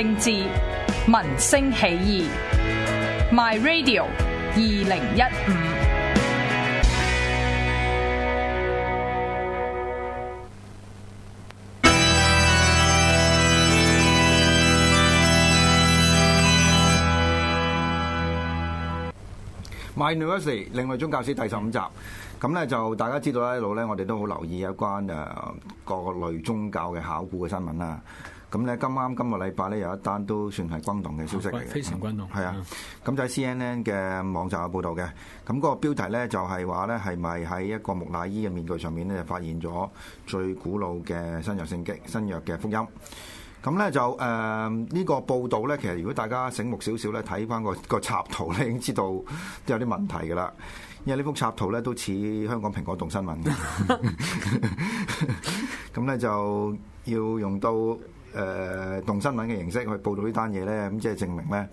政治、民生起義，My Radio 二零一五，My University 另類宗教史第十五集，咁咧就大家知道咧，一路咧我哋都好留意有關誒各類宗教嘅考古嘅新聞啦。咁咧，今晚今個禮拜咧有一單都算係轟動嘅消息嚟嘅，非常轟動。係啊，咁、啊、就喺 CNN 嘅網站有報道嘅。咁、個標題咧就係話咧，係咪喺一個木乃伊嘅面具上面咧，發現咗最古老嘅新約聖經、新約嘅福音？咁咧就誒呢、呃呢個報道咧，其實如果大家醒目少少咧，睇翻個個插圖咧，已經知道都有啲問題㗎啦。因為呢幅插圖咧都似香港蘋果動新聞。咁咧 就要用到。誒，動、呃、新聞嘅形式去報導這件事呢單嘢咧，咁即係證明咧，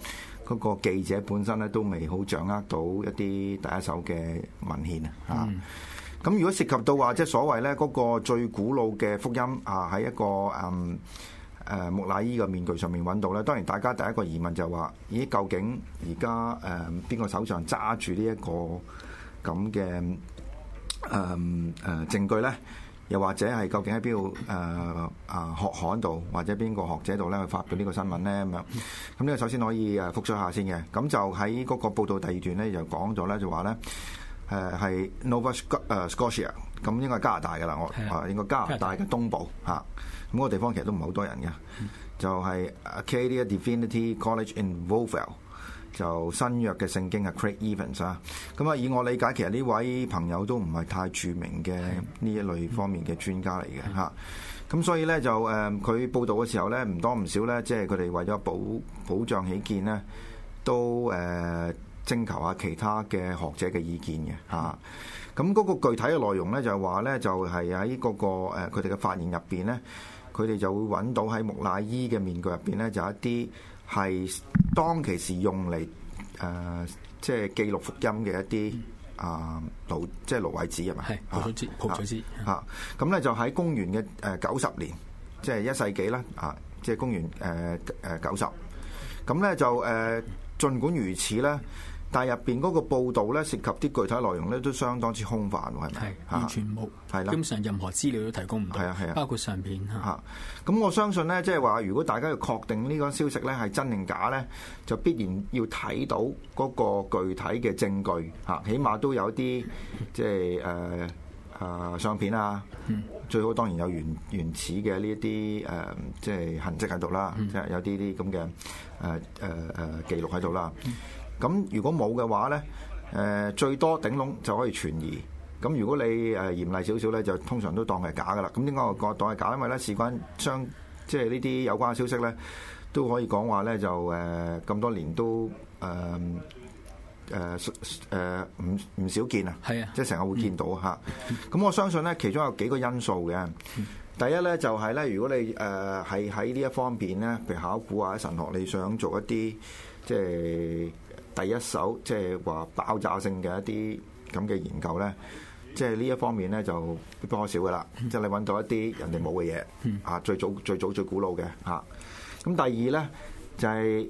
嗰、嗰個記者本身咧都未好掌握到一啲第一手嘅文獻、嗯、啊。咁如果涉及到話，即係所謂咧嗰、嗰個最古老嘅福音啊，喺一個誒木、嗯啊、乃伊嘅面具上面揾到咧。當然，大家第一個疑問就係話：咦，究竟而家誒邊個手上揸住呢一個咁嘅誒誒證據咧？又或者係究竟喺邊度學刊度，或者邊個學者度咧去發表呢個新聞咧咁樣？咁呢個首先可以誒複述下先嘅。咁就喺嗰個報道第二段咧，就講咗咧就話咧係 Nova Scotia，咁、啊、應該加拿大㗎啦，我啊的應該加拿大嘅東部嚇。咁的個地方其實都唔係好多人嘅，嗯、就係 Acadia Divinity College in Wolfville 就新約嘅聖經啊，Craig Evans 啊，咁啊以我理解，其實呢位朋友都唔係太著名嘅呢一類方面嘅專家嚟嘅嚇，咁所以咧就誒佢報道嘅時候咧唔多唔少咧，即係佢哋為咗保保障起見咧，都誒徵求下其他嘅學者嘅意見嘅嚇，咁嗰個具體嘅內容咧就係話咧就係喺嗰個佢哋嘅發現入面咧，佢哋就會揾到喺木乃伊嘅面具入面咧就有一啲，係當其時用嚟誒、呃，即係記錄福音嘅一啲、呃、啊蘆，即係蘆葦紙係咪？蘆葦紙咁咧就喺公元嘅九十年，即、就、係、是、一世紀啦，即係公元九十。咁、呃、咧、呃、就儘、呃、管如此咧。但係入面嗰個報道咧，涉及啲具體內容咧，都相當之空泛喎，係咪？係，完全冇，係啦的，基本上任何資料都提供唔到，係啊係啊，包括相片嚇。咁我相信咧，即係話，如果大家要確定呢個消息咧係真定假咧，就必然要睇到嗰個具體嘅證據嚇，起碼都有啲即係誒誒相片啊，嗯、最好當然有原原始嘅呢一啲誒，即係痕跡喺度啦，即係、嗯、有啲啲咁嘅誒誒誒記錄喺度啦。咁如果冇嘅話咧，最多頂籠就可以存疑。咁如果你誒嚴厲少少咧，就通常都當係假噶啦。咁點解我講當係假？因為咧，事關將即係呢啲有關嘅消息咧，都可以講話咧就誒咁多年都誒誒唔唔少見啊。係啊，即係成日會見到嚇。咁、嗯啊、我相信咧，其中有幾個因素嘅。第一咧就係、是、咧，如果你誒係喺呢一方面咧，譬如考古或者神學，你想做一啲即係。第一手即係話爆炸性嘅一啲咁嘅研究咧，即係呢一方面咧就必不可少噶啦。即係你揾到一啲人哋冇嘅嘢，啊、嗯、最早最早最古老嘅嚇。咁、啊、第二咧就係誒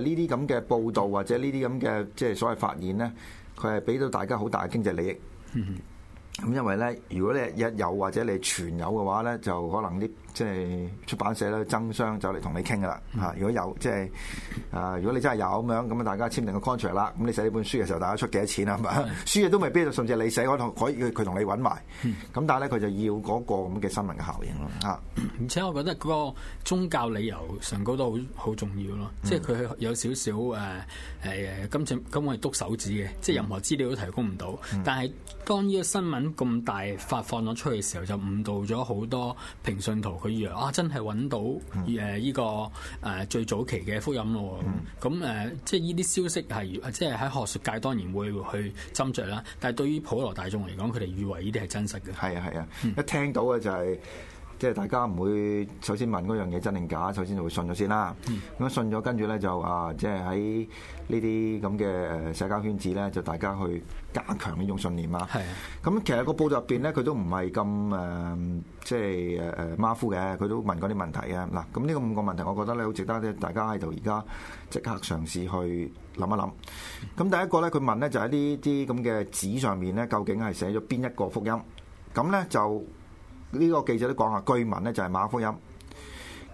呢啲咁嘅報道或者這些這呢啲咁嘅即係所謂發現咧，佢係俾到大家好大嘅經濟利益。咁、嗯嗯、因為咧，如果你一有或者你存有嘅話咧，就可能啲。即係出版社咧爭相就嚟同你傾啦嚇，如果有即係啊、呃，如果你真係有咁樣，咁啊大家簽定個 contract 啦，咁你寫呢本書嘅時候，大家出幾多錢啊？係咪是的 書亦都未必就甚至你寫，可以佢同你揾埋，咁、嗯、但係咧佢就要嗰個咁嘅新聞嘅效應啊。嗯、 而且我覺得嗰個宗教理由上高都好好重要咯，即係佢有少少誒誒誒今次今次督手指嘅，即係任何資料都提供唔到，嗯、但係當呢個新聞咁大發放咗出去嘅時候，就誤導咗好多平信徒。佢以為啊，真係揾到誒呢個誒最早期嘅福音咯。咁誒、嗯呃，即係呢啲消息係即係喺學術界當然會去斟酌啦。但係對於普羅大眾嚟講，佢哋以為呢啲係真實嘅。係啊係啊，啊嗯、一聽到嘅就係、是。即係大家唔會首先問嗰樣嘢真定假，首先就會先信咗先啦。咁、嗯、信咗，跟住咧就啊，即係喺呢啲咁嘅社交圈子咧，就大家去加強呢種信念啦。咁是的 其實個報道入邊咧，佢都唔係咁即係誒誒馬虎嘅。佢都問嗰啲問題啊。嗱，咁呢個五個問題，我覺得咧好值得大家喺度而家即刻嘗試去諗一諗。咁第一個咧，佢問咧就喺呢啲咁嘅紙上面咧，究竟係寫咗邊一個福音？咁咧就。呢個記者都講下據聞咧就係馬可福音，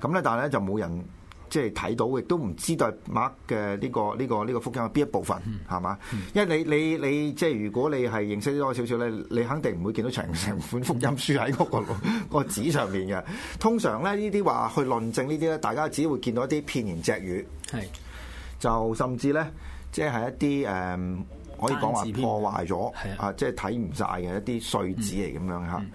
咁咧但係咧就冇人即係睇到，亦都唔知道馬可嘅呢個呢個呢個福音係邊一部分，係嘛、嗯？吧因為你你你即係如果你係認識多少少咧，你肯定唔會見到成成本福音書喺嗰個 那個紙上面嘅。通常咧呢啲話去論證呢啲咧，大家只會見到一啲片言隻語，係是就甚至咧即係一啲誒、um, 可以講話破壞咗啊，的即係睇唔晒嘅一啲碎紙嚟咁樣嚇。嗯嗯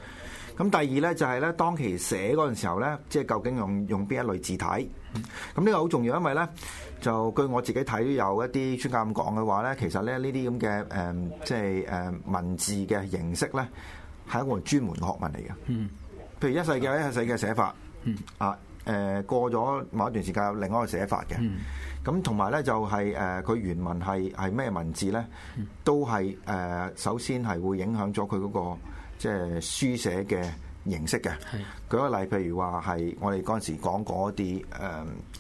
咁第二咧就係咧，當其寫嗰陣時候咧，即係究竟用用邊一類字體？咁呢個好重要，因為咧就據我自己睇，有一啲專家咁講嘅話咧，其實咧呢啲咁嘅誒，即係誒文字嘅形式咧，係一個專門嘅學問嚟嘅。嗯。譬如一世嘅一世嘅寫法，嗯啊誒過咗某一段時間，有另一個寫法嘅。嗯。咁同埋咧就係誒佢原文係係咩文字咧？嗯。都係誒，首先係會影響咗佢嗰個。即係書寫嘅形式嘅，舉個例，譬如話係我哋嗰陣時講嗰啲誒，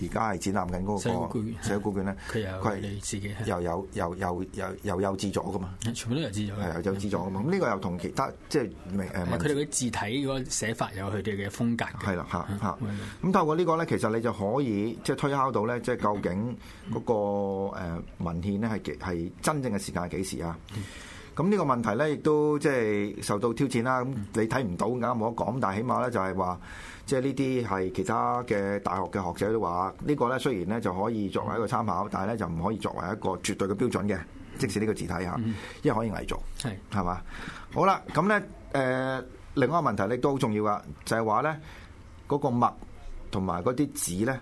而家係展覽緊嗰個寫古卷咧，佢有佢係自己又有又又又又有自左噶嘛，全部都有字左，係啊有自左噶嘛。咁呢個又同其他即係誒文，佢哋嘅字體嗰個寫法有佢哋嘅風格，係啦嚇嚇。咁透過呢個咧，其實你就可以即係推敲到咧，即係究竟嗰個誒文獻咧係幾係真正嘅時間係幾時啊？咁呢個問題咧，亦都即係受到挑戰啦。咁你睇唔到啱冇得講，但係起碼咧就係話，即係呢啲係其他嘅大學嘅學者都話，呢個咧雖然咧就可以作為一個參考，但係咧就唔可以作為一個絕對嘅標準嘅。即使呢個字體下，因為可以偽造係咪？嘛是。好啦，咁咧誒，另外一個問題咧亦都好重要噶，就係話咧嗰個墨同埋嗰啲紙咧。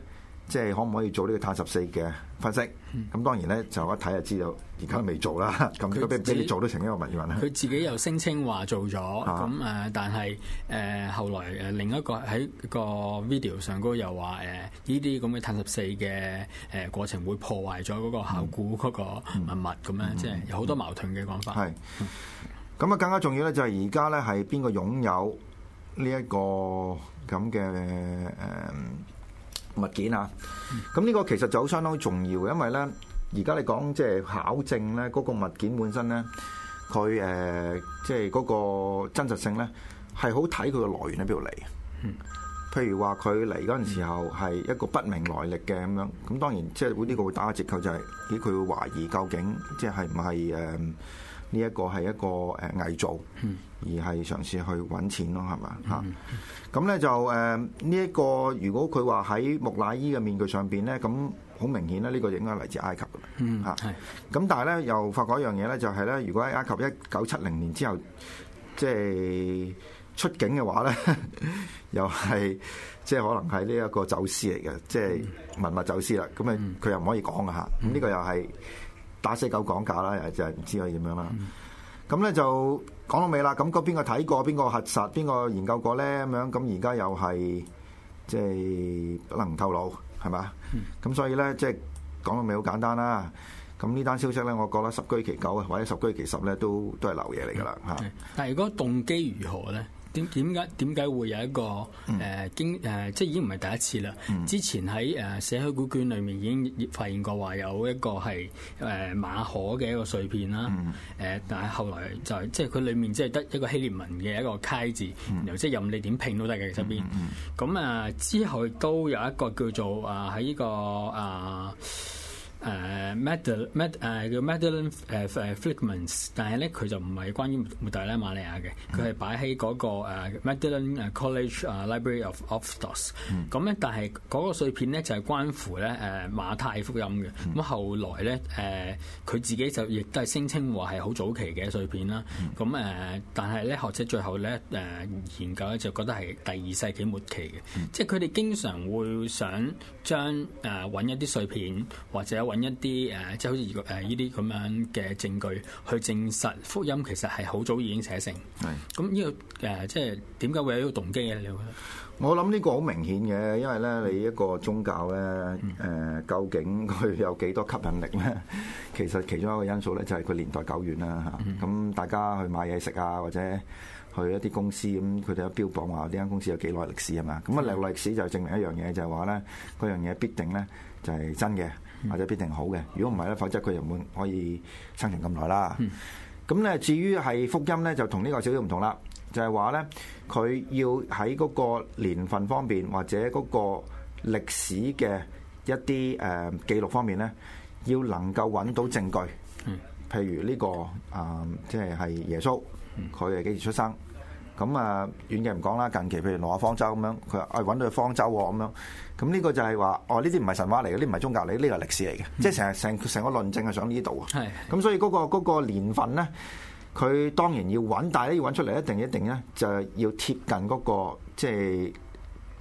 即係可唔可以做呢個碳十四嘅分析？咁、嗯、當然咧，就一睇就知道現在，而家都未做啦。咁都俾俾你做都成一個問問啦。佢自己又聲稱話做咗，咁誒、啊，但係誒、呃、後來誒另一個喺個 video 上高又話誒呢啲咁嘅碳十四嘅誒過程會破壞咗嗰個考古嗰個文物咁樣，即係有好多矛盾嘅講法。係、嗯。咁啊，更加重要咧，就係而家咧係邊個擁有呢一個咁嘅誒？嗯物件啊，咁呢個其實就相當重要，因為咧而家你講，即係考證咧嗰、那個物件本身咧，佢即係嗰個真實性咧，係好睇佢個來源喺邊度嚟。譬如話佢嚟嗰陣時候係一個不明來歷嘅咁樣，咁當然即係會呢個會打個折扣，就係，就係咦佢會懷疑究竟即係唔係誒？呃呢一個係一個誒偽造，而係嘗試去揾錢咯，係嘛嚇？咁咧就誒呢一個，如果佢話喺木乃伊嘅面具上邊咧，咁好明顯咧，呢個應該係嚟自埃及嘅嚇。咁但係咧又發覺一樣嘢咧，就係咧，如果喺埃及一九七零年之後即係出境嘅話咧，又係即係可能係呢一個走私嚟嘅，即係文物走私啦。咁啊，佢又唔可以講㗎嚇。咁呢個又係。打死狗講價啦，又就係唔知佢點樣啦。咁咧、嗯、就講到尾啦。咁嗰邊個睇過，邊個核實，邊個研究過咧？咁樣咁而家又係即係不能透露，係嘛？咁、嗯、所以咧，即係講到尾好簡單啦。咁呢單消息咧，我覺得十居其九或者十居其十咧，都都係流嘢嚟㗎啦嚇。但係如果動機如何咧？點點解點解會有一個誒、呃、經誒、呃、即係已經唔係第一次啦？之前喺誒死海古卷裡面已經發現過話有一個係誒馬可嘅一個碎片啦。誒、嗯，但係後來就即係佢裡面即係得一個希臘文嘅一個 K 字，嗯、然後即係任你點拼都得嘅上邊。咁啊、嗯，嗯嗯、之後都有一個叫做啊喺呢個啊。呃誒 Medal 誒叫 Magdalen 誒誒 Fragments，但係咧佢就唔係關於抹大拉瑪利亞嘅，佢係擺喺個誒、uh, Magdalen、uh, College uh, Library of Oxford 咁咧、嗯，但係個碎片咧就係、是、關乎咧誒、uh, 馬太福音嘅。咁、嗯、後來咧誒佢自己就亦都係聲稱話係好早期嘅碎片啦。咁誒、嗯啊、但係咧學者最後咧誒、uh, 研究咧就覺得係第二世紀末期嘅，嗯、即係佢哋經常會想將誒揾一啲碎片或者揾。揾一啲誒，即係好似而呢啲咁樣嘅證據去證實福音其實係好早已經寫成。係咁呢個誒、呃，即係點解會有呢個動機咧？你我諗呢個好明顯嘅，因為咧你一個宗教咧誒、呃，究竟佢有幾多吸引力咧？其實其中一個因素咧就係佢年代久遠啦嚇。咁的、啊、大家去買嘢食啊，或者去一啲公司咁，佢哋都標榜話呢間公司有幾耐歷史吖嘛。咁啊，歷史就證明一樣嘢，就係話咧嗰樣嘢必定咧就係真嘅。或者必定好嘅，如果唔係咧，否則佢又唔會可以生存咁耐啦。咁咧，至於係福音咧，就同呢個少少唔同啦。就係話咧，佢要喺嗰個年份方面，或者嗰個歷史嘅一啲誒記錄方面咧，要能夠揾到證據。譬如呢個啊，即係係耶穌，佢係幾時出生？咁啊，遠嘅唔講啦。近期譬如《羅亞方舟》咁樣，佢話：哎，揾到去方舟喎咁樣。咁呢個就係話，哦，呢啲唔係神話嚟嘅，呢唔係宗教嚟，呢個係歷史嚟嘅。嗯、即係成日成成個論證係上呢度啊。係、嗯。咁所以嗰、嗰個嗰個年份咧，佢當然要揾，但係咧要揾出嚟一定一定咧，就要貼近嗰、嗰個即係、即係、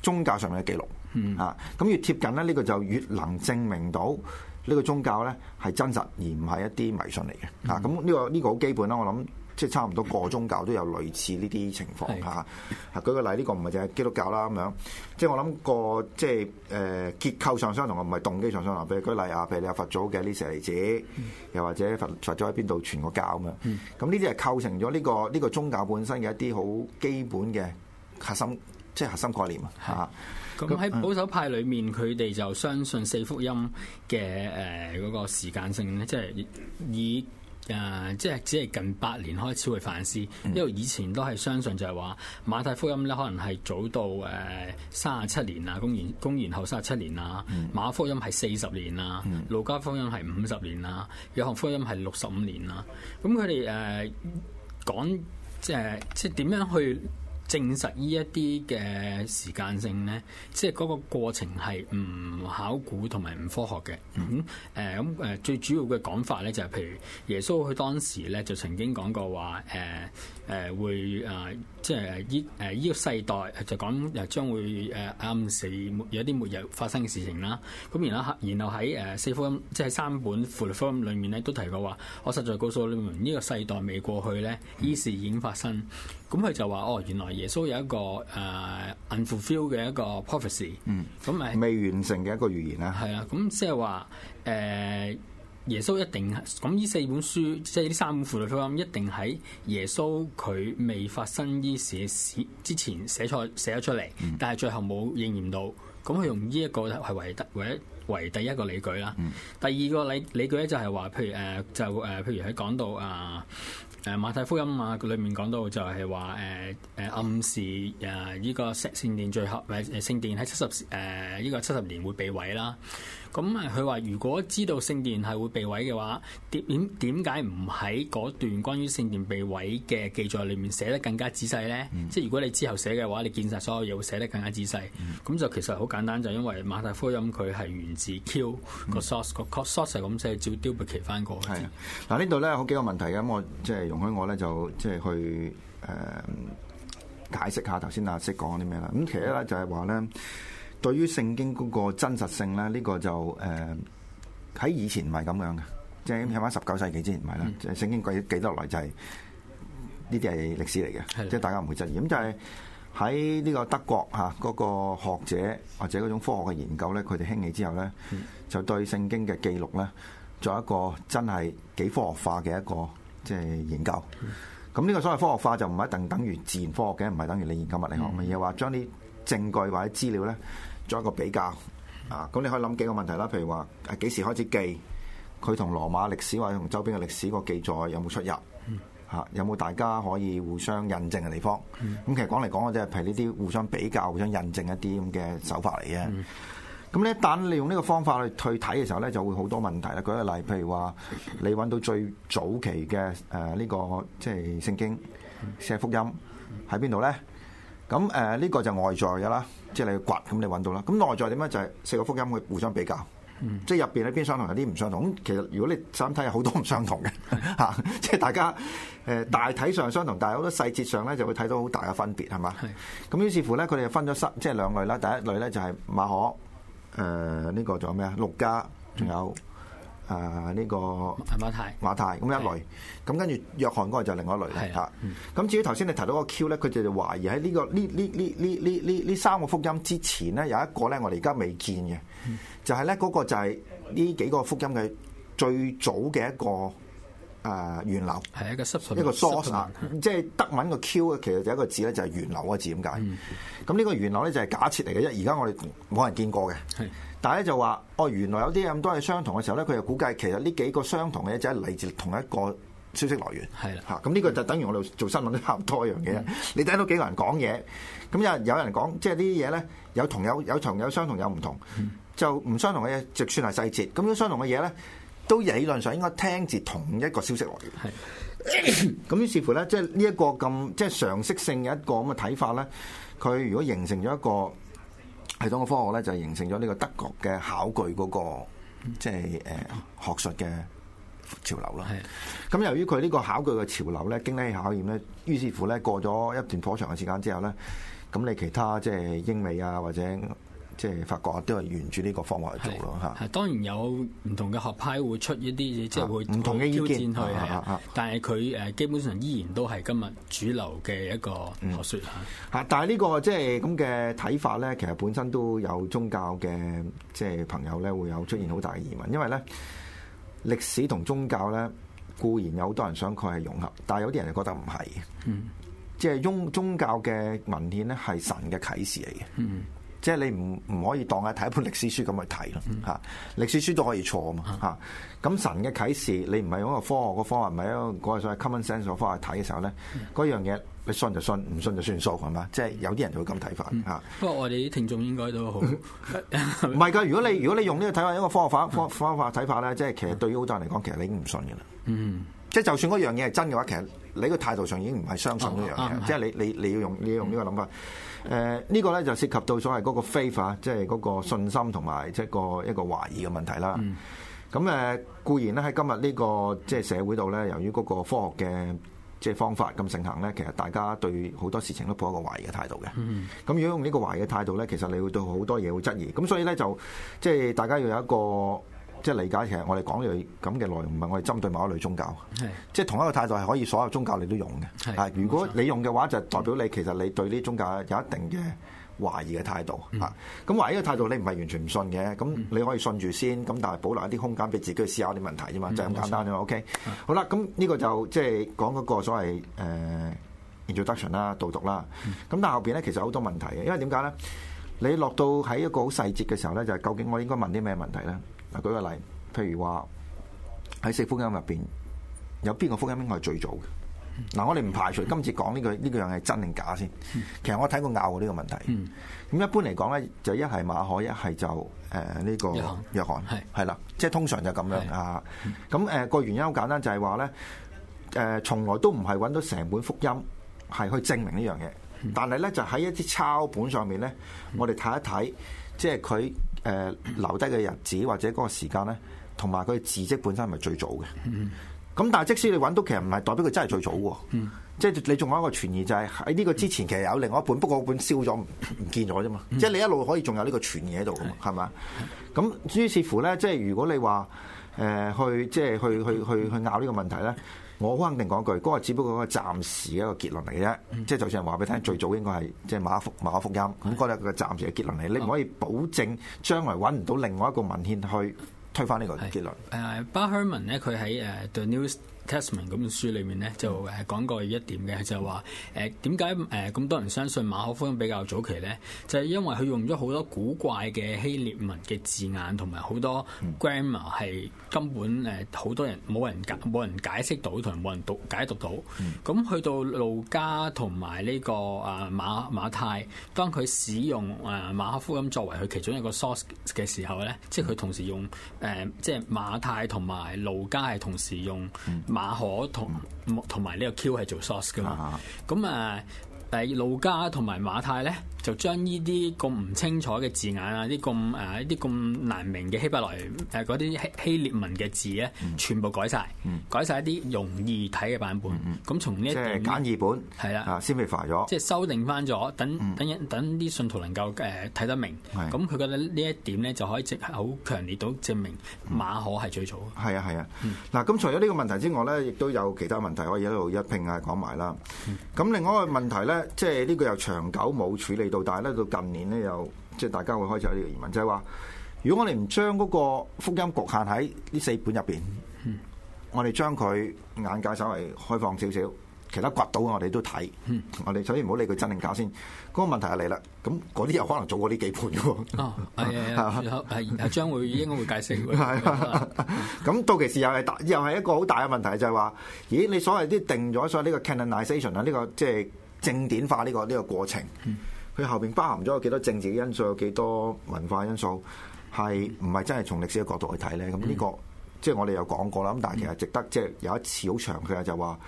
宗教上面嘅記錄。嗯、啊，咁越貼近咧，呢、呢個就越能證明到呢個宗教咧係真實而唔係一啲迷信嚟嘅。嗯、啊，咁呢呢個好、呢個、基本啦，我諗。即係差唔多個宗教都有類似呢啲情況嚇。是的舉個例，呢、這個唔係淨係基督教啦咁樣。即係我諗個即係誒結構上相同，唔係動機上相同。譬如舉例啊，譬如你有佛祖嘅舍利子，又或者佛佛祖喺邊度傳個教啊嘛。咁呢啲係構成咗呢、這個呢、這個宗教本身嘅一啲好基本嘅核心，即係核心概念啊。咁喺保守派裏面，佢哋、嗯、就相信四福音嘅誒嗰個時間性咧，即、就、係、是、以。啊！即係只係近八年開始去反思，因為以前都係相信就係話馬太福音咧，可能係早到誒三十七年啦，公元公元後三十七年啦。馬福音係四十年啦，路加福音係五十年啦，約翰福音係六十五年啦。咁佢哋誒講誒即係點樣去證實呢一啲嘅時間性咧，即係嗰個過程係唔考古同埋唔科學嘅。嗯，咁、呃、最主要嘅講法咧就係，譬如耶穌佢當時咧就曾經講過話，誒、呃呃、會、呃、即係呢誒個世代就講又將會誒暗、呃、死，有啲末日發生嘅事情啦。咁然後，然後喺、呃、四福音，即係三本福，福音裏面咧都提過話，我實在告訴你們，呢、這個世代未過去咧，呢事已經發生。嗯。咁佢就話：哦，原來耶穌有一個、uh, unfulfilled 嘅一個 prophecy，咁未、嗯、那未完成嘅一個預言啦。咁即係話耶穌一定咁呢四本書，即係呢三本《符類福音》，一定喺耶穌佢未發生呢件事之前寫，寫出出嚟，嗯、但係最後冇應驗到。咁佢用呢一個係為第第一個理據啦。嗯、第二個理理據咧就係話，譬如誒、uh, 就、uh, 譬如佢講到啊。Uh, 誒，馬太福音啊，佢裏面講到就係話暗示呢個聖聖殿最後誒聖殿喺七十誒呢個七十年會被毀啦。咁啊，佢話如果知道聖殿係會被毀嘅話，點解唔喺嗰段關於聖殿被毀嘅記載裏面寫得更加仔細咧？嗯、即係如果你之後寫嘅話，你見曬所有嘢會寫得更加仔細。咁、嗯、就其實好簡單，就是、因為馬太福音佢係源自 Q source，嗯、個 source 個 source 係咁寫，照 duplicate 翻過去。嗱，呢度咧好幾個問題嘅，咁我即係、就是、容許我咧就即係、就是、去、呃、解釋下頭先阿 Zeke 講啲咩啦。咁其實咧就係話咧。嗯嗯對於聖經嗰個真實性咧，呢、這個就誒喺、呃、以前唔係咁樣嘅，即係譬如十九世紀之前唔係啦，嗯、聖經記記落嚟就係呢啲係歷史嚟嘅，即係的大家唔會質疑。咁就係喺呢個德國嚇嗰個學者或者嗰種科學嘅研究咧，佢哋興起之後咧，就對聖經嘅記錄咧做一個真係幾科學化嘅一個即係研究。咁呢個所謂科學化就唔一定等於自然科學嘅，唔係等於你研究物理學嘅，嗯、而係話將啲證據或者資料咧。作一個比較啊！咁你可以諗幾個問題啦，譬如話幾時開始記？佢同羅馬歷史或者同周邊嘅歷史個記載有冇出入？嗯、有冇大家可以互相印證嘅地方？咁、嗯、其實講嚟講，我即係譬如呢啲互相比較、互相印證一啲咁嘅手法嚟嘅。咁咧，一旦利用呢個方法去去睇嘅時候咧，就會好多問題啦。舉一個例，譬如話你搵到最早期嘅誒呢個即係聖經四福音喺邊度咧？咁呢個就外在嘅啦，即係你嘅掘，咁你揾到啦。咁內在點解？就係四個福音佢互相比較，嗯、即係入面呢邊相同有啲唔相同。其實如果你深睇，有好多唔相同嘅即係大家大體上相同，但係好多細節上咧就會睇到好大嘅分別係嘛？咁係於是乎咧，佢哋分咗三即係兩類啦。第一類咧就係馬可，呢、呃呢個仲有咩啊？路加，仲有。啊！呢個馬太，馬太咁一類，咁跟住約翰嗰個就另一類啦嚇。咁至於頭先你提到嗰個 Q 咧，佢就懷疑喺呢個呢呢呢呢呢呢呢三個福音之前咧，有一個咧，我哋而家未見嘅，就係咧，嗰個就係呢幾個福音嘅最早嘅一個啊源流，係一個 source，一個 source 啦。即係德文個 Q 咧，其實就一個字咧，就係源流個字，點解？咁呢個源流咧就係假設嚟嘅，因而家我哋冇人見過嘅。但係咧就話，哦，原來有啲咁多嘢相同嘅時候咧，佢又估計其實呢幾個相同嘅嘢，就係嚟自同一個消息來源。啦的，咁呢、啊、個就等於我哋做新聞都差唔多一樣嘢。嗯、你睇到幾個人講嘢，咁有人有人講，即係呢啲嘢咧有同有有同有相同有唔同，嗯、就唔相同嘅嘢就算係細節。咁、那、啲、個、相同嘅嘢咧，都理論上應該聽自同一個消息來源。咁的 於是乎咧，即係呢一個咁即係常識性嘅一個咁嘅睇法咧，佢如果形成咗一個。系統嘅科學咧，就形成咗呢個德國嘅考據嗰個即係誒學術嘅潮流啦。係咁，由於佢呢個考據嘅潮流咧，經得起考驗咧，於是乎咧過咗一段頗長嘅時間之後咧，咁你其他即係英美啊或者。即係法國都係沿住呢個方案去做咯嚇。係當然有唔同嘅學派會出一啲嘢，即係是會唔同嘅意見去，但係佢誒基本上依然都係今日主流嘅一個學説嚇、嗯。但係呢、呢個即係咁嘅睇法咧，其實本身都有宗教嘅即係朋友咧，會有出現好大嘅疑問，因為咧歷史同宗教咧固然有好多人想佢係融合，但係有啲人就覺得唔係即係宗教嘅文獻咧係神嘅啟示嚟嘅。嗯。即係你唔唔可以當係睇一本歷史書咁去睇咯，吓、歷、嗯、史書都可以錯嘛，吓咁、嗯、神嘅啟示，你唔係用一個科學嘅方法，唔係用個所謂 common sense 嘅方法睇嘅時候咧，嗰、嗯、樣嘢，你信就信，唔信就算數係嘛？即係有啲人就會咁睇法，吓、嗯。嗯、不過我哋啲聽眾應該都好，唔係噶。如果你如果你用呢個睇法，用一個科學法科科學法方法睇法咧，嗯、即係其實對於好多人嚟講，其實你已經唔信嘅啦、嗯。嗯即係就算嗰樣嘢係真嘅話，其實你個態度上已經唔係相信呢樣嘢。哦、即係你你你要用你要用呢個諗法。誒、嗯，呢、呃這個咧就涉及到所謂嗰個 faith 即係嗰個信心同埋即係個一個懷疑嘅問題啦。咁誒、嗯、固然咧喺今日呢個即係社會度咧，由於嗰個科學嘅即係方法咁盛行咧，其實大家對好多事情都抱一個懷疑嘅態度嘅。咁、嗯、如果用呢個懷疑嘅態度咧，其實你會對好多嘢好質疑。咁所以咧就即係大家要有一個。即係理解，其實我哋講嘅咁嘅內容，唔係我哋針對某一類宗教。是即係同一個態度係可以所有宗教你都用嘅。是如果你用嘅話，就代表你其實你對呢宗教有一定嘅懷疑嘅態度，咁懷疑嘅態度，嗯、態度你唔係完全唔信嘅。咁你可以信住先，咁、嗯、但係保留一啲空間俾自己去思考啲問題啫嘛，嗯、就係咁簡單啫。嗯、好 OK，、嗯、好啦，咁呢個就即係講嗰個所謂誒、uh, introduction 啦，導讀啦。咁但係後邊咧，其實好多問題，因為點解咧？你落到喺一個好細節嘅時候咧，就係、究竟我應該問啲咩問題咧？嗱，舉個例，譬如話喺四福音入邊，有邊個福音應該係最早嘅？嗱、嗯，我哋唔排除今次講呢個呢個樣係真定假先。嗯、其實我睇過拗過呢個問題。咁、嗯、一般嚟講咧，就一係馬可，一係就誒呢、呃呢個約翰，係啦，即係通常就咁樣是啊。咁、那、誒個原因好簡單就是，就係話咧，誒從來都唔係揾到成本福音係去證明呢、嗯、呢樣嘢，但係咧就喺一啲抄本上面咧，嗯、我哋睇一睇，即係佢。誒、呃、留低嘅日子或者嗰個時間咧，同埋佢字跡本身係咪最早嘅？咁但係即使你揾到，其實唔係代表佢真係最早喎。嗯、即係你仲有一個傳言就係喺呢個之前，其實有另外一本，不過嗰本燒咗唔見咗啫嘛。嗯、即係你一路可以仲有呢個傳言喺度，係嘛？咁於是乎咧，即係如果你話誒、呃、去即係去去去去拗呢個問題咧。我好肯定講句，嗰個只不過係暫時嘅一個結論嚟嘅啫，即係、嗯、就算話俾你聽，最早應該係即馬福馬福音咁，嗰個係個暫時嘅結論嚟，你唔可以保證將來揾唔到另外一個文獻去推翻呢個結論。誒，巴赫文咧，佢喺 The News Testament 咁本書裏面咧，就誒講過一點嘅，就話誒點解咁多人相信馬可福音比較早期咧？就係因為佢用咗好多古怪嘅希臘文嘅字眼，同埋好多 grammar 係根本好多人冇人解冇人解釋到，同埋冇人讀解讀到。咁去到路加同埋呢個啊馬馬太，當佢使用誒馬可福音作為佢其中一個 source 嘅時候咧，即係佢同時用即係馬太同埋路加係同時用。馬可同同埋呢個 Q 係做 source 㗎嘛，咁啊、uh，huh. 第二路加同埋馬太咧。就將呢啲咁唔清楚嘅字眼啊，啲咁一啲咁難明嘅希伯來誒嗰啲希列文嘅字咧，嗯、全部改晒，嗯、改晒一啲容易睇嘅版本。咁、嗯嗯、從呢一點，即係簡易本係啦，的啊、先被煩咗，即係修訂翻咗，等等一等啲信徒能夠睇、呃、得明。咁佢的覺得呢一點咧，就可以直好強烈到證明馬可係最早。係啊係啊。嗱，咁除咗呢個問題之外咧，亦都有其他問題可以一路一拼啊講埋啦。咁、嗯、另外一個問題咧，即係呢個又長久冇處理。度，但咧到近年咧又，即係大家會開始有呢個疑問，就係話：如果我哋唔將嗰個福音局限喺呢四本入邊，嗯、我哋將佢眼界稍微開放少少，其他掘到我哋都睇，嗯、我哋所以唔好理佢真定假先。嗰個問題又嚟啦，咁嗰啲又可能早過呢幾本嘅喎。哦，係係然後將會應該會解釋。係，咁到其時又係又係一個好大嘅問題，就係話：咦，你所謂啲定咗，所謂呢個 Canonization 啊，呢個即係正典化呢個呢個過程。嗯佢後面包含咗有幾多政治因素，有幾多文化因素，係唔係真係從歷史嘅角度去睇咧？咁呢個即係我哋有講過啦。咁但係其實值得即係有一次好長嘅就話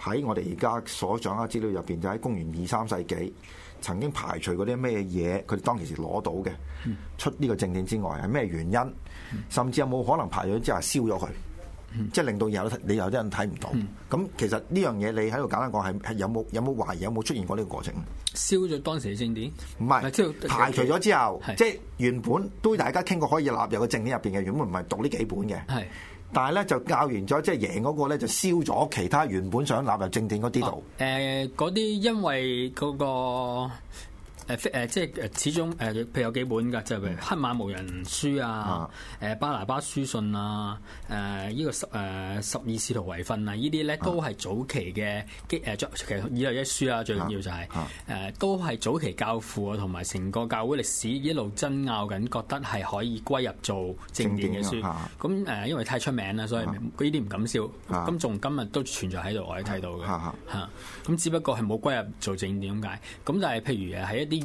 喺我哋而家所掌握資料入面，就喺公元二三世紀曾經排除嗰啲咩嘢，佢哋當其時攞到嘅出呢個證件之外係咩原因，甚至有冇可能排除之後燒咗佢？嗯、即係令到以後你有啲人睇唔到。咁、嗯、其實呢樣嘢，你喺度簡單講係係有冇有冇懷疑，有冇出現過呢個過程？燒咗當時嘅正典，唔係是是排除咗之後，是即係原本都大家傾過可以納入個正典入邊嘅，原本唔係讀呢幾本嘅。係是，但係咧就教完咗，即係贏嗰個咧就燒咗其他原本想納入正典嗰啲度。誒、啊，嗰、呃、啲因為嗰、嗰個。誒誒，即係誒始終誒，譬如有幾本㗎，就譬如《黑馬無人書》啊，誒、啊《巴拿巴書信》啊，誒、呃、依、這個十誒、呃《十二使徒遺訓》啊，這些呢啲咧都係早期嘅激誒，其《以太一書》啊，最重要就係、是、誒、啊啊、都係早期教父啊，同埋成個教會歷史一路爭拗緊，覺得係可以歸入做正典嘅書。咁誒、啊，啊、因為太出名啦，所以佢依啲唔敢笑。咁仲、啊、今日都存在喺度，我哋睇到嘅嚇。咁只不過係冇歸入做正典咁解。咁但係譬如係一啲。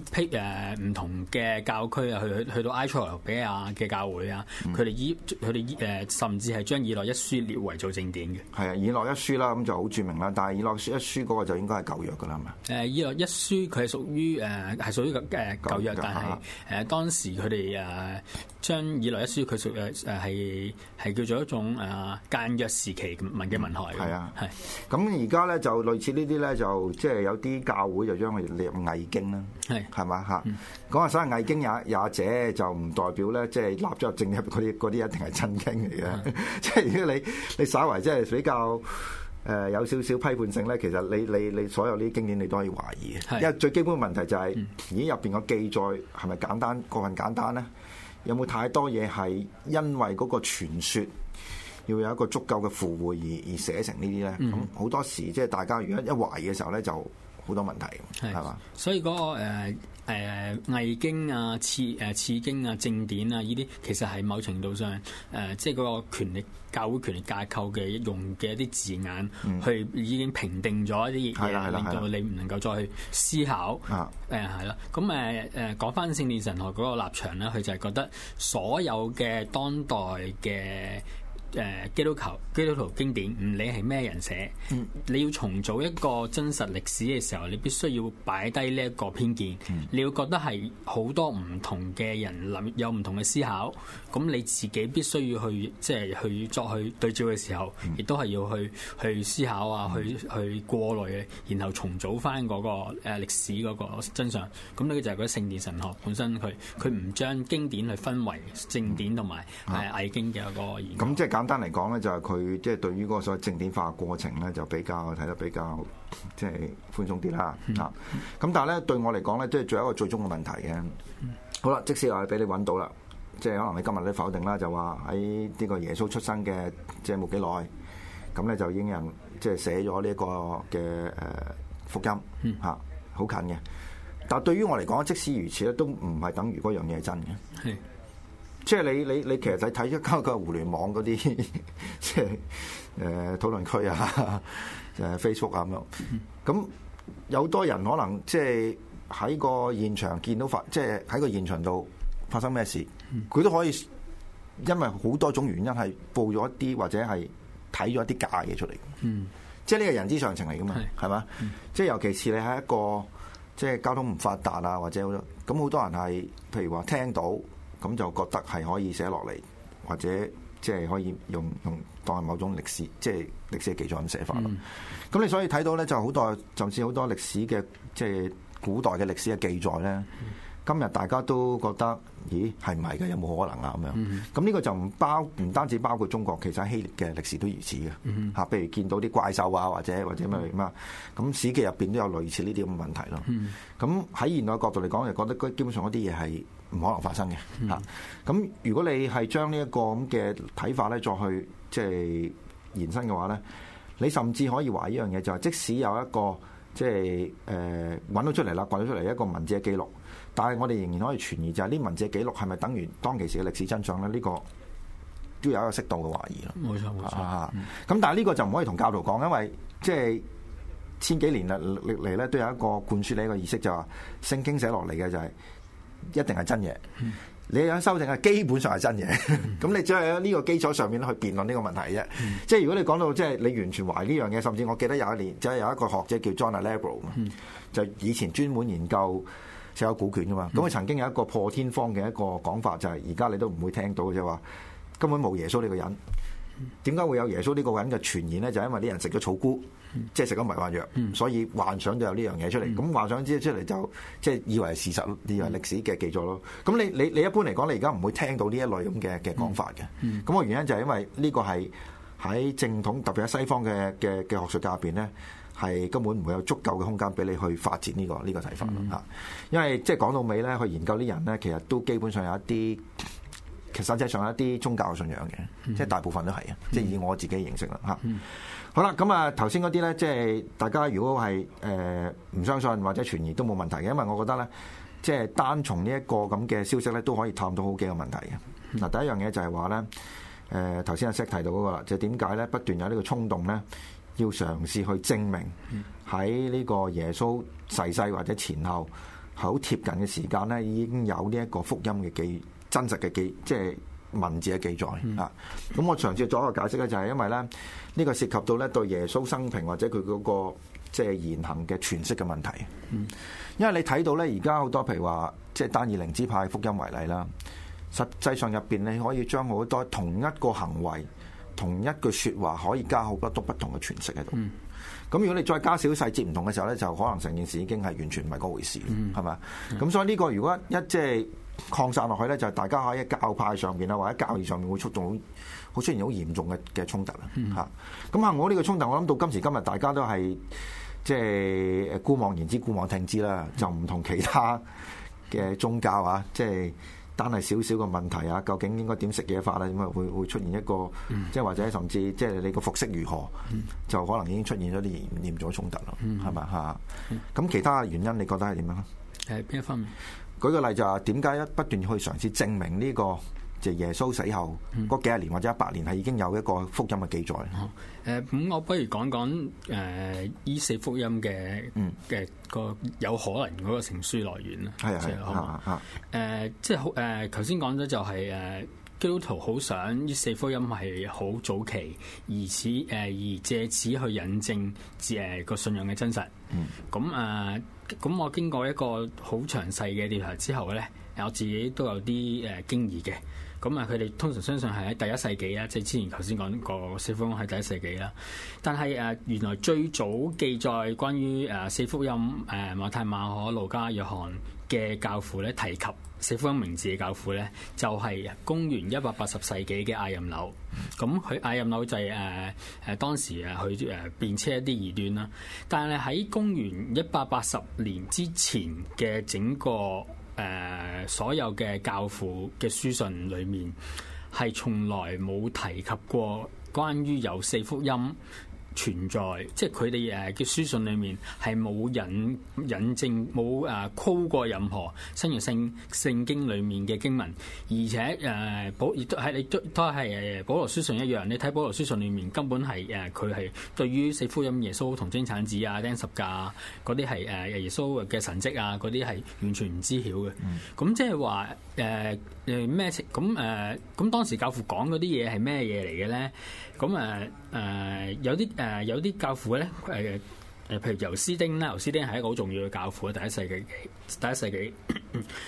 唔同嘅教區啊，去去到埃塞俄比亞嘅教會啊，佢哋依佢哋甚至係將以《以諾一書》列為做正典嘅。係啊，《以諾一書》啦，咁就好著名啦。但係《以諾一書》嗰個就應該係舊約㗎啦，係咪？誒，《以諾一書》佢係屬於誒係屬於誒舊約，但係誒當時佢哋將《以諾一書》佢屬誒係叫做一種誒間約時期文嘅文學。係啊，係，咁而家咧就類似呢啲咧，就即係、就是、有啲教會就將佢列入偽經啦。係嘛嚇？講話所謂偽經也也者，就唔代表咧，即係立咗入正入嗰啲啲一定係真經嚟嘅。嗯、 即係如果你你稍微即係比較誒、呃、有少少批判性咧，其實你你你所有呢啲經典你都可以懷疑是因為最基本嘅問題就係、是，經入邊個記載係咪簡單過分簡單咧？有冇太多嘢係因為嗰個傳說要有一個足夠嘅附會而而寫成這些呢啲咧？咁好、嗯、多時即係大家如果一,一懷疑嘅時候咧，就～好多問題，係嘛是？吧所以嗰、那個誒誒《偽、呃、經》啊、刺《刺誒刺經》啊、《正典啊》啊呢啲，其實係某程度上誒，即係嗰個權力教會權力架構嘅用嘅一啲字眼，去已經評定咗一啲嘢，令到你唔能夠再去思考。誒係咯，咁誒誒講翻聖殿神學嗰個立場咧，佢就係覺得所有嘅當代嘅。誒基督教基督教經典唔理係咩人寫，你要重組一個真實歷史嘅時候，你必須要擺低呢一個偏見，你要覺得係好多唔同嘅人諗有唔同嘅思考，咁你自己必須要去即係去作去對照嘅時候，亦都係要去去思考啊，去去過濾，然後重組翻嗰個誒歷史嗰個真相。咁呢個就係個聖殿神學本身佢，佢佢唔將經典去分為正典同埋係偽經嘅一個研究。啊啊。簡單嚟講咧，就係佢即係對於嗰個所謂正典化過程咧，就比較睇得比較即係寬鬆啲啦。啊，咁但係咧對我嚟講咧，即係最後一個最終嘅問題嘅。好啦，即使我係俾你揾到啦，即係可能你今日都否定啦，就話喺呢個耶穌出生嘅即係冇幾耐，咁咧就已經有人即係寫咗呢個嘅誒福音嚇，好近嘅。但係對於我嚟講，即使如此咧，都唔係等於嗰樣嘢係真嘅。係。即係你你你，你你其實你睇咗交個互聯網嗰啲，即係誒討論區啊 ，Facebook 咁樣，啊、咁有多人可能即係喺個現場見到發即係喺個現場度發生咩事，佢都可以因為好多種原因係報咗一啲或者係睇咗一啲假嘢出嚟。嗯，即係呢個人之常情嚟噶嘛，係嘛？即係尤其是你喺一個即係交通唔發達啊，或者咁好多人係，譬如話聽到。咁就覺得係可以寫落嚟，或者即係可以用用當係某種歷史，即係歷史嘅記載咁寫法咯。咁、嗯、你所以睇到咧，就好多，就至好多歷史嘅即係古代嘅歷史嘅記載咧。今日大家都覺得，咦，係唔係嘅？有冇可能啊？咁樣、嗯。咁呢個就唔包，唔單止包括中國，其實希臘嘅歷史都如此嘅。嚇，譬如見到啲怪獸啊，或者或者咩咩咁，史記入面都有類似呢啲咁嘅問題咯。咁喺現代角度嚟講，就覺得基本上啲嘢係。唔可能發生嘅嚇。咁、嗯、如果你係將呢一個咁嘅睇法咧，再去即係延伸嘅話咧，你甚至可以話一樣嘢就係，即使有一個即係誒揾到出嚟啦，掘咗出嚟一個文字嘅記錄，但係我哋仍然可以存疑，就係呢文字嘅記錄係咪等於當其時嘅歷史真相咧？呢、呢個都有一個適度嘅懷疑啦。冇錯冇錯嚇。咁、啊、但係呢個就唔可以同教徒講，因為即係千幾年啊歷嚟咧，都有一個灌輸你一個意識，就係聖經寫落嚟嘅就係、是。一定係真嘢，你想修正嘅基本上係真嘢，咁、嗯、 你只係喺呢個基礎上面去辯論呢個問題啫。嗯、即係如果你講到即係你完全懷疑呢樣嘢，甚至我記得有一年就係、是、有一個學者叫 John Allegro 嘛、嗯，就以前專門研究死海古卷噶嘛，咁佢、嗯、曾經有一個破天荒嘅一個講法，就係而家你都唔會聽到嘅，就話根本冇耶穌呢個人，點解會有耶穌呢個人嘅傳言咧？就是、因為啲人食咗草菇。即係食咗迷幻藥，所以幻想就有呢樣嘢出嚟。咁幻想之出嚟就即係以為是事實，以樣歷史嘅記載咯。咁你你你一般嚟講，你而家唔會聽到呢一類咁嘅嘅講法嘅。咁、那個原因就係因為呢個係喺正統，特別喺西方嘅嘅嘅學術界邊咧，係根本唔會有足夠嘅空間俾你去發展呢、這個呢、這個睇法、嗯、因為即係講到尾咧，去研究啲人咧，其實都基本上有一啲。其實實際上一啲宗教信仰嘅，即、就、係、是、大部分都係啊！即、就、係、是、以我自己嘅認識啦、嗯、好啦，咁啊頭先嗰啲咧，即、就、係、是、大家如果係誒唔相信或者傳疑都冇問題嘅，因為我覺得咧，即、就、係、是、單從呢一個咁嘅消息咧，都可以探到好幾個問題嘅。嗱、嗯，第一樣嘢就係話咧，誒頭先阿 Zeke 提到嗰、那個啦，就點解咧不斷有呢個衝動咧，要嘗試去證明喺呢個耶穌逝世或者前後好貼近嘅時間咧，已經有呢一個福音嘅記。真實嘅記即係、就是、文字嘅記載啊！咁、嗯、我嘗試做一個解釋咧，就係因為咧呢、這個涉及到咧對耶穌生平或者佢嗰個即係言行嘅詮釋嘅問題。嗯、因為你睇到咧，而家好多譬如話，即、就、係、是、單以靈知派福音為例啦，實際上入邊你可以將好多同一個行為、同一句說話，可以加好多不同嘅詮釋喺度。咁、嗯、如果你再加少細節唔同嘅時候咧，就可能成件事已經係完全唔係嗰回事，係咪？咁所以呢個如果一即、就是擴散落去咧，就係、是、大家喺教派上邊啊，或者教義上面會出到好出現好嚴重嘅嘅衝突啦嚇。咁啊、mm，我、hmm. 呢、嗯、個衝突，我諗到今時今日大家都係即係姑妄言之，姑妄聽之啦，就唔同其他嘅宗教嚇、啊，即係單係少少嘅問題啊。究竟應該點食嘢法咧？咁啊，會會出現一個即係或者甚至即係你個服飾如何，就可能已經出現咗啲嚴嚴重嘅衝突啦，係咪嚇？咁其他原因，你覺得係點樣咧？係邊一方面？舉個例就係點解一不斷去嘗試證明呢個耶穌死後嗰幾十年或者一百年係已經有一個福音嘅記載。咁、嗯，我不如講講呢《依四福音》嘅嘅、嗯、有可能嗰個成書來源啦。係係啊，即係誒頭先講咗就係、誒、基督徒好想《依四福音》係好早期，而此誒而、呃、藉此去引證個信仰嘅真實。嗯。咁、嗯呃咁我經過一個好詳細嘅調查之後咧，我自己都有啲誒驚異嘅。咁啊，佢哋通常相信係喺第一世紀啊，即係之前頭先講過四福音係第一世紀啦。但係原來最早記載關於四福音誒馬太、馬可、路加、約翰嘅教父咧，提及四福音名字嘅教父咧，就係公元一百八十世紀嘅愛任紐。咁佢愛任紐就係誒誒當時佢誒辨一啲異端啦。但係喺公元一百八十年之前嘅整個。誒，所有嘅教父嘅書信裏面，係從來冇提及過關於有四福音。存在，即係佢哋誒嘅書信裏面係冇引引證冇誒 quote 過任何新約聖，聖經裏面嘅經文，而且保亦都係你都都係保羅書信一樣，你睇保羅書信裏面根本係誒佢係對於四福音耶穌同貞產子啊釘十架嗰啲係耶穌嘅神蹟啊嗰啲係完全唔知曉嘅，咁、嗯、即係話。誒誒咩？咁誒咁當時教父講嗰啲嘢係咩嘢嚟嘅咧？咁誒誒有啲誒、呃、有啲教父咧誒誒，譬如尤斯丁啦，尤斯丁係一個好重要嘅教父，第一世紀第一世紀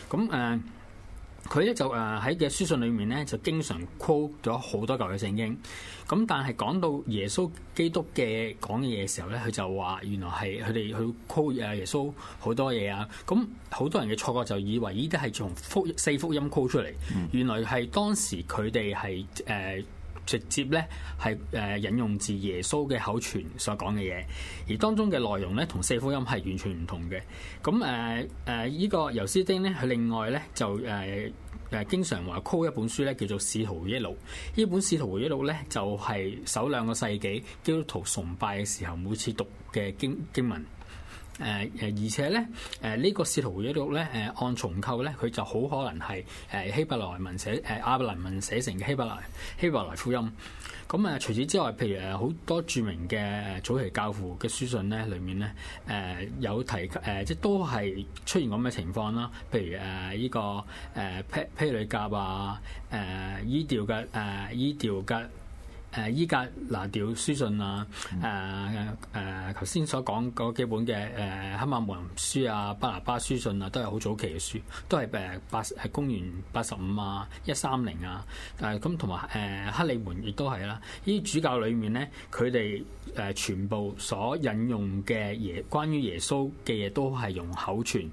咁誒。佢咧就誒喺嘅書信裏面咧，就經常 quote 咗好多舊嘅聖經。咁但係講到耶穌基督嘅講嘅嘢時候咧，佢就話原來係佢哋去 quote 耶穌好多嘢啊。咁好多人嘅錯覺就以為呢啲係從福四福音 quote 出嚟，原來係當時佢哋係誒。呃直接咧係誒引用自耶穌嘅口傳所講嘅嘢，而當中嘅內容咧同四福音係完全唔同嘅。咁誒誒依個尤斯丁咧，佢另外咧就誒誒、呃啊、經常話 call 一本書咧叫做《使徒回憶錄》。呢本《使徒回憶錄》咧就係、是、首兩個世紀基督徒崇拜嘅時候每次讀嘅經經文。誒誒、呃，而且咧，誒、呃這個、呢個試圖回憶錄咧，誒、呃、按重構咧，佢就好可能係誒、呃、希伯來文寫，誒、呃、阿拉伯文寫成嘅希伯來希伯來福音。咁、嗯、啊，除此之外，譬如誒好多著名嘅、呃、早期教父嘅書信咧，裏面咧誒、呃、有提及誒、呃，即都係出現咁嘅情況啦。譬如誒呢、呃這個誒披披旅甲啊，誒依調嘅誒依調嘅。誒伊格拿修書信啊，誒誒，頭先所講嗰幾本嘅誒《黑馬門書》啊，《巴拿巴書信》啊，啊啊啊啊啊都係好早期嘅書，都係誒八係公元八十五啊、一三零啊，誒咁同埋誒《克、啊啊、利門》亦都係啦。呢啲主教裡面咧，佢哋誒全部所引用嘅嘢，關於耶穌嘅嘢，都係用口傳。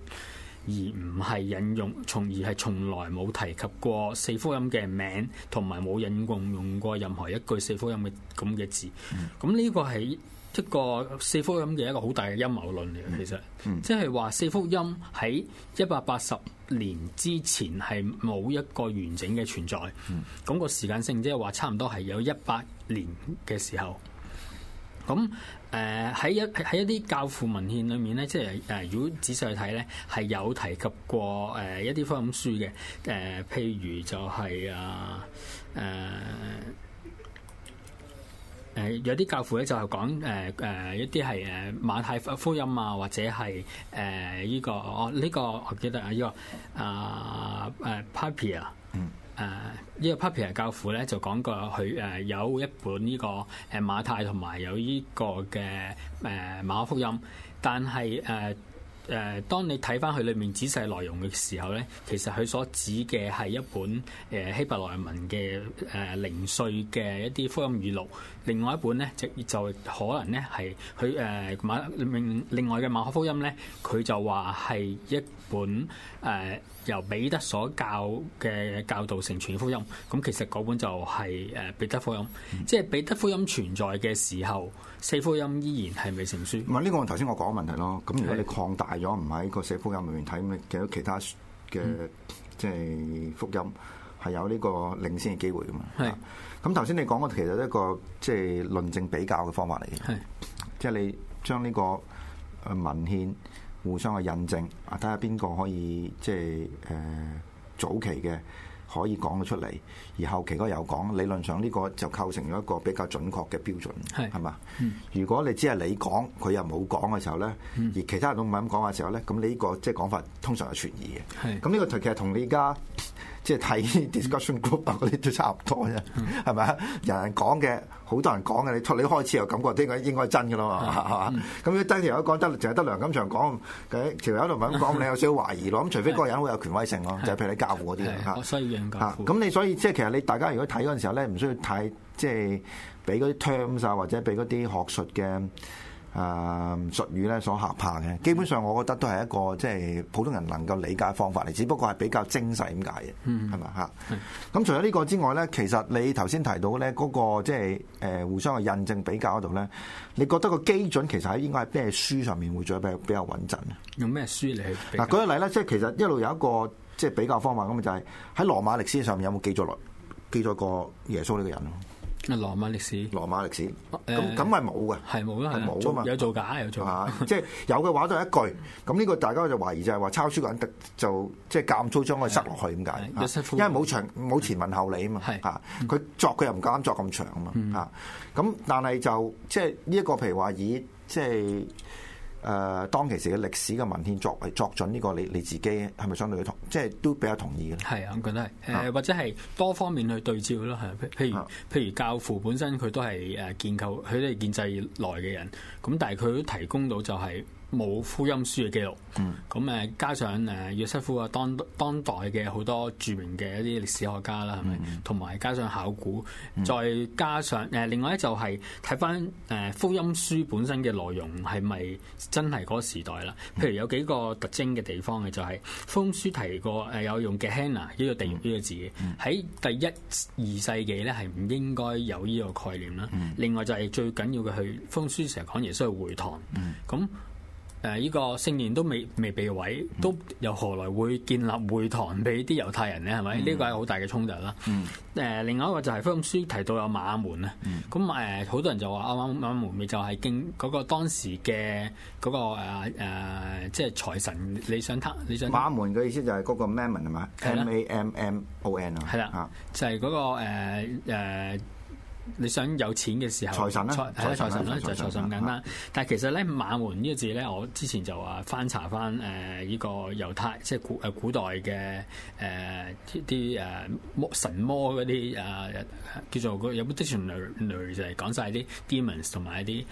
而唔係引用，從而係從來冇提及過四福音嘅名，同埋冇引用用過任何一句四福音嘅咁嘅字。咁呢、嗯、個係一個四福音嘅一個好大嘅陰謀論嚟嘅，其實，即係話四福音喺一百八十年之前係冇一個完整嘅存在。咁、個時間性即係話差唔多係有一百年嘅時候。咁喺一喺一啲教父文獻裏面咧，即係如果仔細去睇咧，係有提及過一啲福音書嘅，譬如就係、是、啊有啲教父咧就係講一啲係馬太福音啊，或者係誒依個呢、哦呢個我記得、呢個、啊依個啊 Papi r 誒呢、啊呢個 Puppy r 教父咧就講過佢有一本呢個誒馬太同埋有呢個嘅誒馬可福音，但係誒，啊誒，當你睇翻佢裏面仔細內容嘅時候咧，其實佢所指嘅係一本誒希伯來文嘅誒零碎嘅一啲福音語錄。另外一本咧，就就可能咧係佢誒馬另另外嘅馬可福音咧，佢就話係一本誒由彼得所教嘅教導成全福音。咁其實嗰本就係誒彼得福音，即係彼得福音存在嘅時候，四福音依然係未成書。唔係呢個係頭先我講嘅問題咯。咁如果你擴大。係咗唔喺個四福音裏面睇嘅，其他嘅即係福音係有呢個領先嘅機會噶嘛？係是、啊。咁頭先你講嘅其實係一個即係論證比較嘅方法嚟嘅，係。即係你將呢個文獻互相去印證，啊，睇下邊個可以即係誒早期嘅。可以講到出嚟，而後期嗰個又講，理論上呢個就構成咗一個比較準確嘅標準，係嘛？如果你只係你講，佢又冇講嘅時候咧，嗯、而其他人都唔係咁講嘅時候咧，咁你呢個即係講法通常係存疑嘅。係，咁呢個其實同你而家。即係睇 discussion group 啊，嗰啲都差唔多啫，係咪啊？人人講嘅，好多人講嘅，你出你開始有感覺，應該應該真嘅咯嘛，係嘛？咁如果單條友講得，就係得梁錦祥講，條友同埋咁講，你有少少懷疑咯。咁、嗯、除非個個人會有權威性咯，是就係譬如你教父嗰啲咁，你所以即係其實你大家如果睇嗰陣時候咧，唔需要太即係俾嗰啲 terms 啊，terms，或者俾嗰啲學術嘅啊、嗯，術語咧所嚇怕嘅，基本上我覺得都係一個即係、就是、普通人能夠理解嘅方法嚟，只不過係比較精細咁解嘅，係咪嚇？咁除咗呢個之外咧，其實你頭先提到咧嗰、那個即係、就是、誒互相嘅印證比較嗰度咧，你覺得個基準其實喺應該係咩書上面會做得比較比較穩陣咧？用咩書嚟？嗱，舉個例啦，即係其實一路有一個即係比較方法咁就係、是、喺羅馬歷史上面有冇記載落記載過耶穌呢個人？羅馬歷史，羅馬歷史，咁咁係冇嘅，係冇啊，係冇啊嘛，有做假有做假，即係有嘅話都係一句，咁呢個大家就懷疑就係話抄書嘅人就即係監粗將佢塞落去咁解，因為冇長冇前文後理啊嘛，嚇佢作佢又唔敢作咁長啊嘛，嚇咁但係就即係呢一個譬如話以即係。誒、呃、當其時嘅歷史嘅文獻作為作準呢個你、你你自己係咪相對同即係都比較同意嘅咧？係啊，我覺得係、呃、或者係多方面去對照咯。係，譬如譬如教父本身佢都係誒建構佢哋建制內嘅人，咁但係佢都提供到就係、是。冇福音書嘅記錄，咁誒加上誒約瑟夫啊，當當代嘅好多著名嘅一啲歷史學家啦，係咪？同埋加上考古，再加上誒另外咧就係睇翻誒福音書本身嘅內容係咪真係嗰個時代啦？譬如有幾個特徵嘅地方嘅就係，福音書提過誒有用嘅 Gehenna 呢個地獄呢個字，喺第一二世紀咧係唔應該有呢個概念啦。另外就係最緊要嘅係福音書成日講耶穌去會堂，咁。誒呢、啊呢個聖殿都未未被毀，都又何來會建立會堂俾啲猶太人咧？係咪？呢個係好大嘅衝突啦。誒、嗯呃，另外一個就係封書提到有馬門咧。咁誒、嗯，好、嗯呃、多人就話啱啱啱就係經嗰個當時嘅嗰、那個誒、啊啊啊、即係財神你想他。你想他馬門嘅意思就係嗰個 Mammon 係嘛？M, aman, 的 M A M M O N 的啊。係啦、那個，就係嗰個你想有錢嘅時候，財神啦，係財神啦，就財神咁簡單。呢但係其實咧，馬門呢個字咧，我之前就話翻查翻誒呢個猶太即係古、啊、古代嘅誒啲魔神魔嗰啲啊，叫做有冇啲神雷講曬啲 demons 同埋一啲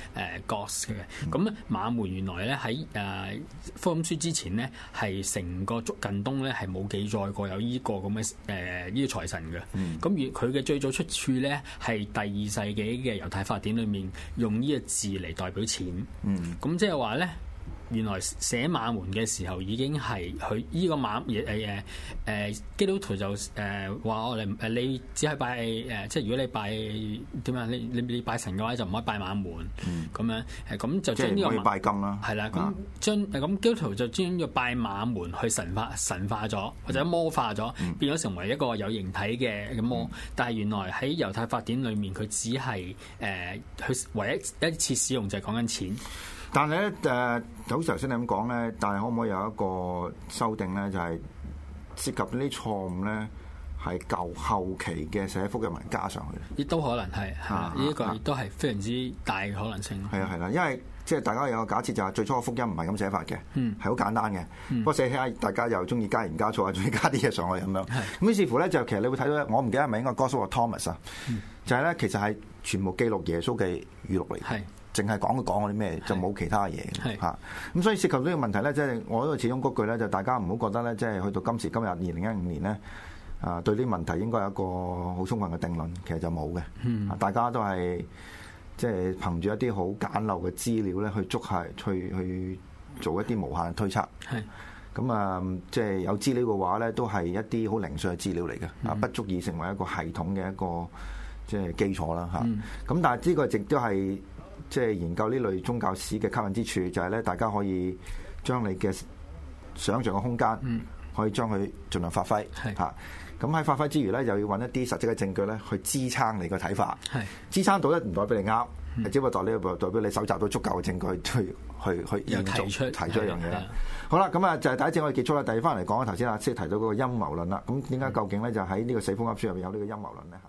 gods 嘅。咁、uh, 嗯、馬門原來咧喺誒福音書之前咧係成個竹近東咧係冇記載過有呢、呢個咁嘅呢個財神嘅。咁、嗯、而佢嘅最早出處咧係是第二世紀嘅猶太法典裏面，用呢個字嚟代表錢，嗯，咁即係話呢。原來寫馬門嘅時候已經係佢依個馬誒基督徒就誒話我哋你只係拜即係如果你拜點樣你你你拜神嘅話就唔可以拜馬門咁、嗯、樣咁就將呢、這個拜金啦，係啦，咁咁、啊、基督徒就將要拜馬門去神化神化咗，或者魔化咗，變咗成為一個有形體嘅魔。嗯、但係原來喺猶太法典裏面，佢只係誒佢唯一一次使用就係講緊錢。但係咧，誒，就好似頭先你咁講咧，但係可唔可以有一個修訂咧？就係、是、涉及呢啲錯誤咧，係舊後期嘅寫福音文加上去。亦都可能係，呢一、啊、個亦都係非常之大嘅可能性。係啊，係、啊、啦，因為即係大家有個假設就係最初嘅福音唔係咁寫法嘅，係好、嗯、簡單嘅。嗯、不過寫家大家又中意加鹽加醋啊，中意加啲嘢上去咁樣。咁、嗯、的於是乎咧，就其實你會睇到，我唔記得係咪應該 Gospel of Thomas 啊、嗯？就係咧，其實係全部記錄耶穌嘅語錄嚟。淨係講佢講嗰啲咩，就冇其他嘢嘅嚇。咁所以涉及到呢個問題咧，即係我都始終嗰句咧，就大家唔好覺得咧，即係去到今時今日二零一五年咧，啊，對呢啲問題應該有一個好充分嘅定論，其實就冇嘅。大家都係即係憑住一啲好簡陋嘅資料咧，去捉下去去做一啲無限嘅推測。咁啊是，即係有資料嘅話咧，都係一啲好零碎嘅資料嚟嘅，啊，嗯，不足以成為一個系統嘅一個即係基礎啦咁，嗯，但係呢個亦都係。即係研究呢類宗教史嘅吸引之處，就係、是、咧大家可以將你嘅想像嘅空間，可以將佢盡量發揮咁，喺是發揮之餘咧，又要搵一啲實際嘅證據咧去支撐你個睇法。是支撐到咧唔代表你啱，只不過代表代表你搜集到足夠嘅證據去去去驗證。提出一樣嘢啦。好啦，咁啊就係第一節我哋結束啦。第二翻嚟講啊，頭先阿 Zeke 提到嗰個陰謀論啦。咁點解究竟咧就喺呢個四福音書入面有呢個陰謀論咧？